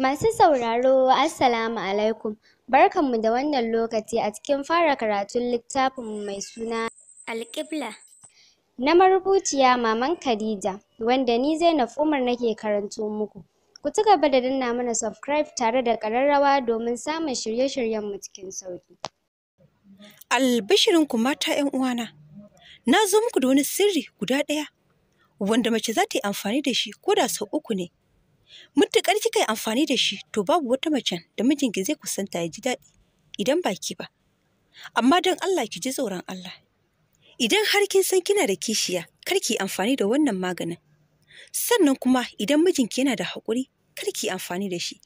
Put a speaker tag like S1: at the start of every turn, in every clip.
S1: Masu sauraro Assalamu alaikum barkanmu da wannan lokaci a cikin fara karatun littafinmu mai suna Alƙibla na marubuciya Maman Khadija wanda ni Zainab Umar nake karanto muku. Ku ci gaba da danna mana subscribe tare da ƙararrawa domin samun shirye-shiryenmu cikin sauƙi.
S2: Albishirinku mata 'yan uwana, na zo muku da wani sirri guda ɗaya wanda mace za ta yi amfani da shi ko da sau uku ne. mutukar kika yi amfani da shi to babu wata macen da mijinki zai kusanta ya ji daɗi idan ba ki ba amma don Allah ki ji tsoron Allah idan har kin san kina da kishiya kar ki amfani da wannan maganin sannan kuma idan mijinki yana da haƙuri kar ki amfani da shi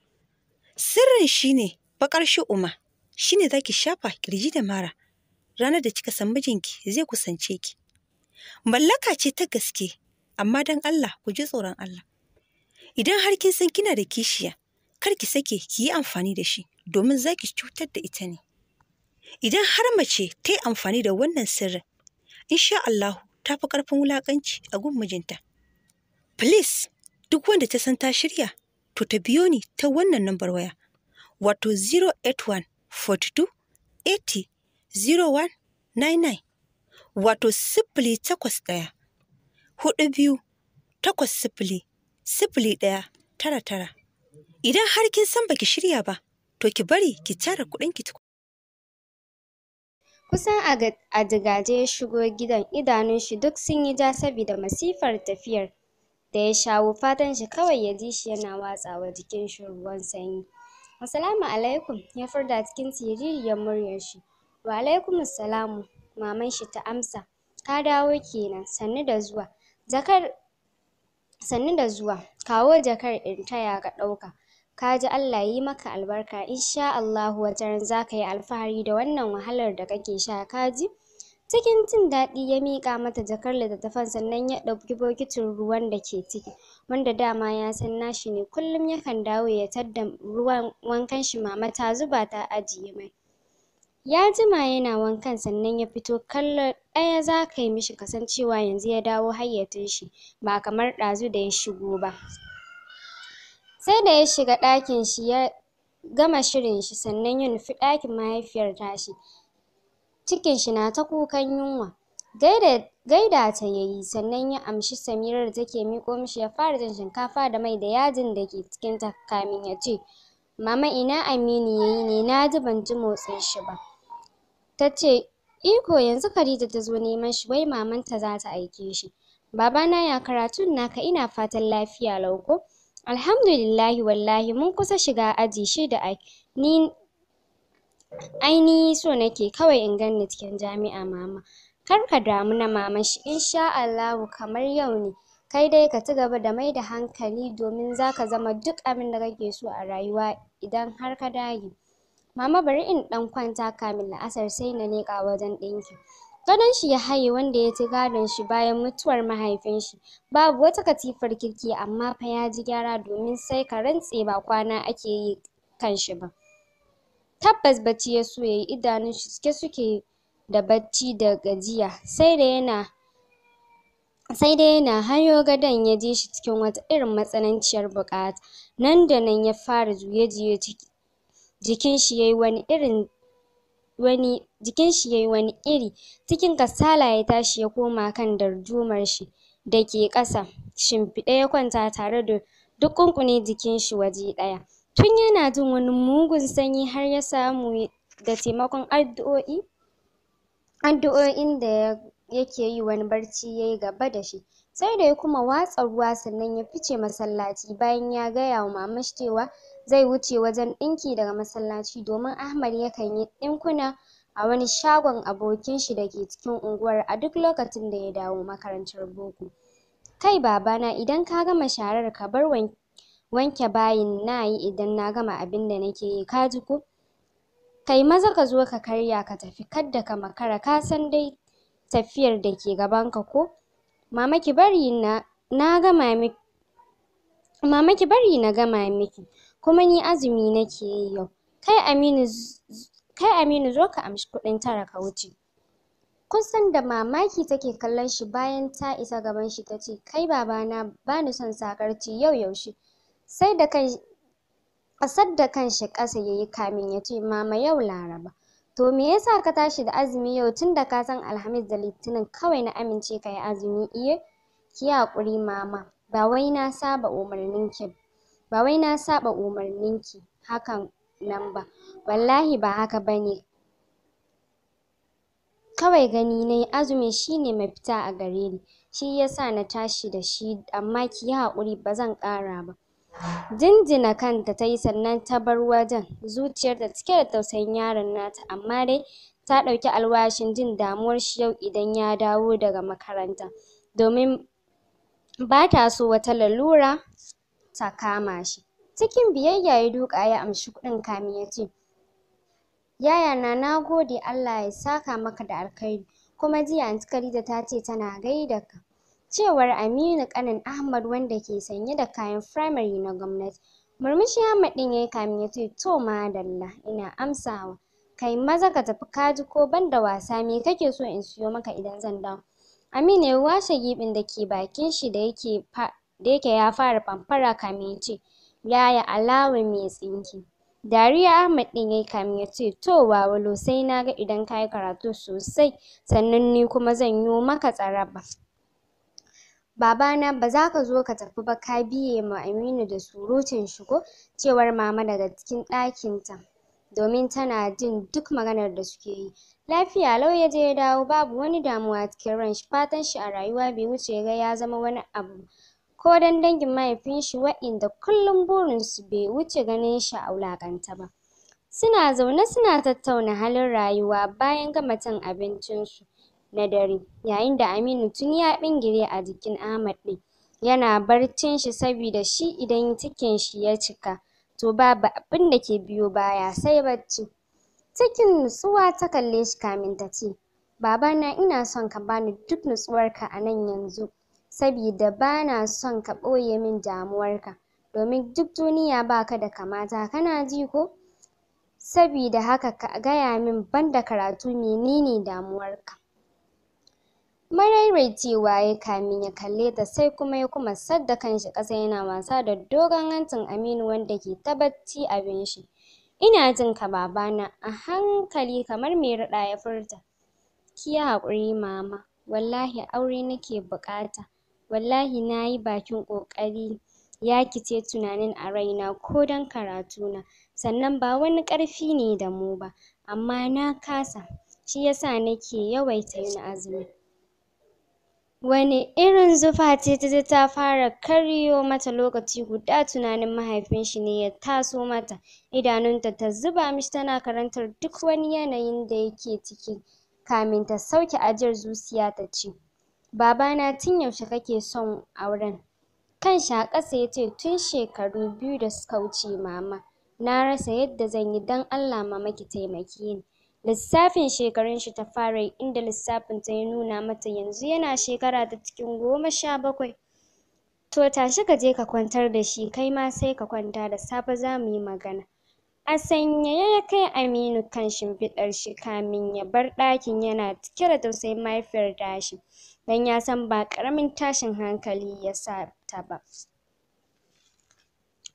S2: sirrin shine bakar shi'uma shine zaki shafa kirji da mara ranar da kika san mijinki zai kusance ki mallaka ce ta gaske amma don Allah ku ji tsoron Allah Idan har kin san kina da kishiya, kar ki sake ki yi amfani da shi domin za ki cutar da ita ne. Idan har mace ta yi amfani da wannan sirrin, insha Allah ta fi ƙarfin wulaƙanci a gun mijinta. Please, duk wanda ta san ta shirya, to ta biyo ni ta wannan nambar waya, wato 081 42 80 01 99 wato sifili takwas ɗaya, huɗu biyu, takwas sifili sifili ɗaya tara tara. Idan har kin san baki shirya ba, to ki bari ki tara kuɗin ki
S1: Kusan a digaje ya shigo gidan idanun shi duk sun yi ja saboda masifar tafiyar da ya shawo fatan shi kawai ya ji shi yana watsawa jikin shi ruwan sanyi. Assalamu alaikum ya furda cikin siririyar muryar shi. Wa alaikum salamu maman shi ta amsa. Ka dawo kenan sannu da zuwa. Zakar sannu da zuwa kawo jakar in taya ka ɗauka ka ji Allah yi maka albarka insha Allahu za ka yi alfahari da wannan wahalar da kake sha ka ji cikin jin daɗi ya miƙa mata jakar littattafan sannan ya ɗauki bokitin ruwan da ke ciki wanda dama ya san nashi ne kullum yakan dawo ya tadda ruwan wankan shi mama ta zuba ta ajiye mai ya jima yana wankan sannan ya fito kallon ɗaya za ka yi mishi ka cewa yanzu ya dawo hayyacin shi ba kamar ɗazu da ya shigo ba sai da ya shiga ɗakin shi ya gama shirin shi sannan ya nufi ɗakin mahaifiyar tashi cikin shi na ta kukan yunwa gaida ta yayi sannan ya amshi Samirar da take miƙo mishi ya fara jin shinkafa da mai da yajin da ke cikin ta kamin ya ce mama ina Aminu yayi ne na ji ban ji motsin shi ba ta ce iko yanzu Khadija ta zo neman shi wai mamanta za ta aike shi babana ya karatun naka ina fatan lafiya lauko. Alhamdu alhamdulillahi wallahi mun kusa shiga aji shida ai ni ai ni so nake kawai in ganni cikin jami'a mama kar ka damu na maman shi insha Allahu kamar yau ne kai dai ka ci gaba da mai da hankali domin zaka zama duk abin da kake so a rayuwa idan har ka dage mama bari in ɗan kwanta kamin la'asar sai na leƙa wajen ɗinki gadon shi ya haye wanda ya ci gadon shi bayan mutuwar mahaifin shi babu wata katifar kirki amma fa ya ji gyara domin sai ka rantse ba kwana ake yi kan shi ba tabbas bacci ya so ya yi idanun shi cike suke da bacci da gajiya sai da yana sai dai yana hayo gadon ya ji shi cikin wata irin matsananciyar bukata nan da nan ya fara juye-juye jikin shi yayi wani irin wani jikin shi yayi wani iri cikin kasala ya tashi ya koma kan darjumar shi da ke ƙasa shimfiɗe ya kwanta tare da duk ƙunƙune jikin shi waje ɗaya tun yana jin wani mugun sanyi har ya samu da taimakon addu'o'i addu'o'in da ya yake yi wani barci yayi gaba da shi sai da ya kuma watsa ruwa sannan ya fice masallaci bayan ya gaya wa maman shi cewa zai wuce wajen ɗinki daga masallaci domin Ahmad yakan yi ɗinkuna a wani shagon abokin shi da ke cikin unguwar a duk lokacin da ya dawo makarantar boko. Kai babana idan ka gama sharar ka bar wanke bayin na yi idan na gama abin da nake yi ka ji ko? Kai maza ka zo ka karya ka tafi kadda ka makara ka san dai tafiyar da ke gabanka ko? Mama ki bari na na gama miki Mama ki bari na gama miki. kuma ni azumi nake yi yau kai Aminu kai Aminu zo ka amshi kuɗin tara ka wuce Kun san da mamaki take kallon shi bayan ta isa gaban shi ta ce kai babana bani son sakarci yau yaushe sai da kan ƙasar da kanshi ƙasa ya yi kamin ya ce mama yau laraba to me yasa ka tashi da azumi yau tunda da ka san alhamis da litinin kawai na amince ka yi azumi iye ki haƙuri mama ba wai na saba umarninki ba wai na saɓa umarninki hakan nan ba wallahi ba haka bane kawai gani nayi azumi shine mafita a gare ni shi yasa na tashi da shi amma ki yi haƙuri ba zan ƙara ba jinjina kanta ta yi sannan ta bar wajen zuciyar zuciyarta cike da tausayin yaron nata amma dai ta ɗauki alwashin jin damuwar shi yau idan ya dawo daga makaranta domin ba ta so wata lalura ta kama shi cikin biyayya ya duka ya amshi kuɗin kami ya ce yaya na na gode Allah ya saka maka da alkhairi kuma jiya anti Khadija ta ce tana gaida ka cewar Aminu kanin Ahmad wanda ke sanye da kayan firamare na gwamnati murmushi Ahmad ɗin yayi kamin ya ce to madalla ina amsawa kai maza ka tafi kaji ko banda wasa me kake so in siyo maka idan zan dawo Aminu ya washe gibin da ke bakin shi da yake da yake ya fara famfara kamin ya yi alawa mai tsinki. dariya Ahmad ɗin ya kamin ya ce to wawalo sai na ga idan ka yi karatu sosai sannan ni kuma zan yi maka tsaraba babana ba za ka zo ka tafi ba ka biye ma Aminu da surutun shigo cewar mama daga cikin ɗakinta domin tana jin duk maganar da suke yi lafiya lau ya je ya dawo babu wani damuwa cikin ranshi fatan shi a rayuwa bai wuce ya ga ya zama wani abu ko don dangin mahaifin shi waɗanda kullum burinsu bai wuce ganin shi a wulaƙanta ba. Suna zaune suna tattauna halin rayuwa bayan gama cin abincinsu na dare, yayin da Aminu tuni ya bingire a jikin Ahmad ɗin, yana barcin shi sabida shi idan cikin shi ya cika to babu abin da ke biyo baya sai bacci. Cikin nutsuwa ta kalle shi kamin ta ce, Babana ina son ka bani duk nutsuwarka a nan yanzu. sabida na son ka ɓoye min damuwarka domin duk duniya ba ka da kamata kana ji ko sabida haka ka gaya min banda karatu menene damuwarka maraicewa ya kamin ya kalle ta sai kuma ya kuma sadda kanshi ƙasa yana wasa da dogon hancin Aminu wanda ke tabbaci abin shi ina jin ka babana a hankali kamar mai raɗa ya furta ki yi haƙuri mama wallahi aure nake buƙata wallahi nayi bakin ƙoƙari yakice tunanin a raina ko don karatuna sannan ba wani ƙarfi ne da mu ba amma na kasa shi shiyasa nake yawaita yin azumi wani irin zufa ce taje ta fara karyo mata lokaci guda tunanin mahaifin shi ne ya taso mata idanunta ta zuba mishi tana karantar duk wani yanayin da yake ciki kamin ta sauke ajiyar zuciya ta tace babana tun yaushe kake son auren Kan shi a ƙasa ya ce tun shekaru biyu da suka wuce mama na rasa yadda zan yi don Allah mama ki taimake ni lissafin shekarun shi ta fara inda lissafin ta ya nuna mata yanzu yana shekara ta cikin goma sha bakwai to tashi ka je ka kwantar da shi kai ma sai ka kwanta da safe za mu yi magana A sanyaye ya kai Aminu kan shimfiɗar shi kamin ya bar ɗakin yana cike da tausayin mahaifiyar dashi, don ya san ba ƙaramin tashin hankali ya sa ta ba.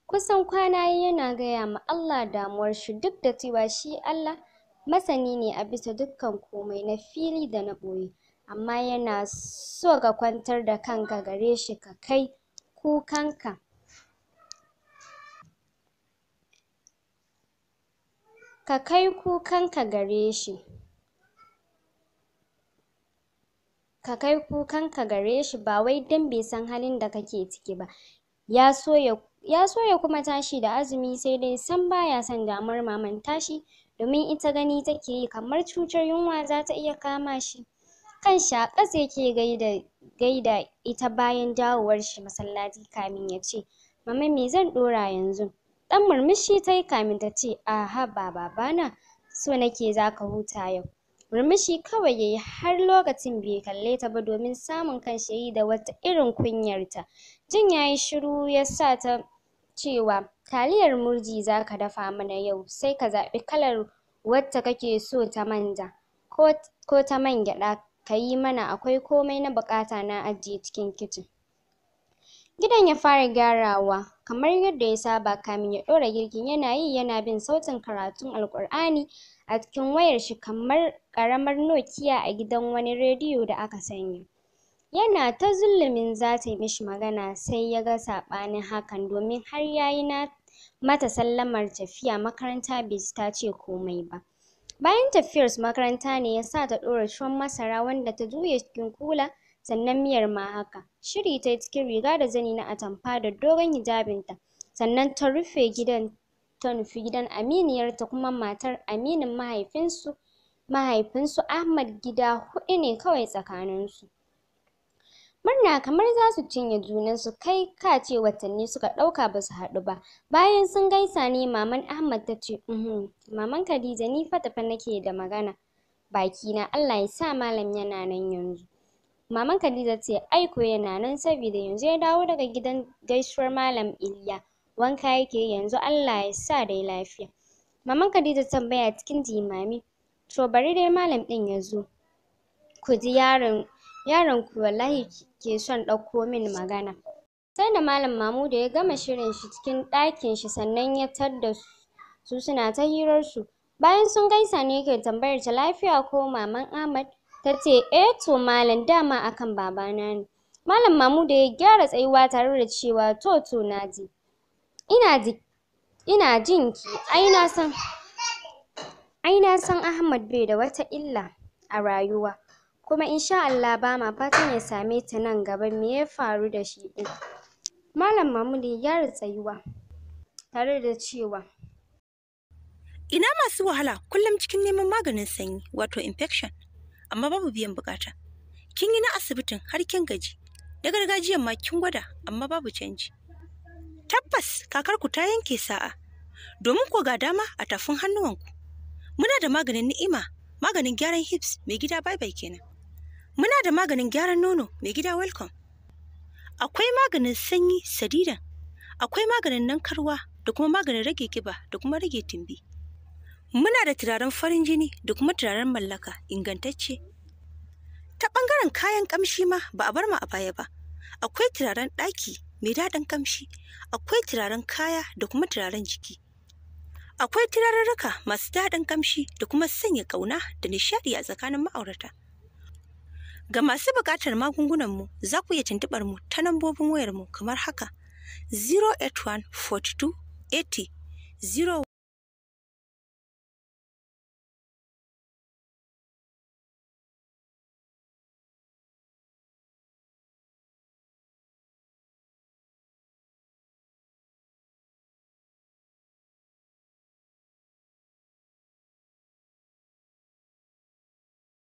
S1: Kusan kwana yana gaya ma Allah damuwar shi duk da cewa shi Allah masani ne a bisa dukkan komai na fili da na ɓoye, amma yana so ka kwantar da kanka gare shi ka kai kukanka. ka kai kukanka gare shi ka kai kukanka gare shi ba wai Dan bai san halin da kake ciki ba ya so ya kuma tashi da azumi sai dai san baya son damar maman tashi domin ita gani take yi kamar cutar yunwa za ta iya kama shi Kan a ƙasa yake gaida gaida ita bayan dawowar shi masallaci kamin ya ce mama me zan ɗora yanzu Ɗan murmushi ta yi kamin ta ce, Aha, ba babana, so nake za ka huta yau. Murmushi kawai ya yi har lokacin bai kalle ta ba domin samun kanshi yi da wata irin kunyarta. Jin ya yi shiru ya sa ta cewa, Taliyar murji za ka dafa mana yau, sai ka zaɓi kalar wacce kake so ta manja ko ta man gyaɗa ka yi mana akwai komai na buƙata na ajiye cikin kicin. Gidan ya fara gyarawa. kamar yadda ya saba kamin ya ɗora girkin yana yi yana bin sautin karatun alƙur'ani a cikin wayar shi kamar ƙaramar nokiya a gidan wani rediyo da aka sanya. Yana ta zulumin za ta yi mishi magana sai ya ga saɓanin hakan domin har ya yi na mata sallamar tafiya makaranta bai ta ce komai ba. Bayan su makaranta ne ya sa ta ɗora tuwon masara wanda ta juya cikin kula sannan miyar ma haka. Shiri ta yi cikin riga da zani na atamfa da dogon hijabinta, sannan ta rufe gidan ta nufi gidan aminiyarta kuma matar aminin mahaifinsu mahaifinsu Ahmad gida huɗu ne kawai tsakaninsu. Murna kamar za su cinye junansu kai ka ce watanni suka ɗauka ba su haɗu ba. Bayan sun gaisa ne maman Ahmad ta ce, maman Khadija ni fa nake da magana bakina Allah ya sa malam yana nan yanzu." Maman Khadija ce aiko yana nan saboda yanzu ya dawo daga gidan gaisuwar Malam Iliya. Wanka yake yanzu Allah ya sa dai lafiya. Maman Khadija tambaya cikin jimami to bari dai malam ɗin ya zo. Ku ji yaron yaron ku wallahi ke son ɗauko min magana. Sai da Malam Mahmud ya gama shirin shi cikin ɗakin shi sannan ya tadda su suna ta hirar su. Bayan sun gaisa ne yake tambayar ta lafiya ko maman Ahmad Ta tace eh to malam dama akan babana ne malam da ya gyara tsayuwa tare da cewa to to naji ina ji ina jin ki ai na san ai na san Ahmad bai da wata illa a rayuwa kuma insha Allah ba ma fatan ya same ta nan gaba me ya faru da shi din malam da ya gyara tsayuwa tare da
S2: cewa ina masu wahala kullum cikin neman maganin sanyi wato infection amma babu biyan bukata kin yi na asibitin har kin gaji na gargajiyan ma kin gwada amma babu canji tabbas kakarku ta yanke sa'a domin ko ga dama a tafin hannuwanku muna da maganin ni'ima maganin gyaran hips mai gida bye bye kenan muna da maganin gyaran nono mai gida welcome akwai maganin sanyi sadidan akwai maganin nankarwa da kuma maganin rage kiba da kuma rage timbi Muna da turaren farin jini da kuma turaren mallaka ingantacce. Ta ɓangaren kayan ƙamshi ma ba a bar mu a baya ba. Akwai turaren ɗaki mai daɗin ƙamshi, akwai turaren kaya da kuma turaren jiki. Akwai turarurruka masu daɗin ƙamshi da kuma sanya ƙauna da nishaɗi a tsakanin ma'aurata. Ga masu buƙatar magungunanmu za ku iya tuntuɓar mu ta lambobin wayarmu kamar haka 081 42 80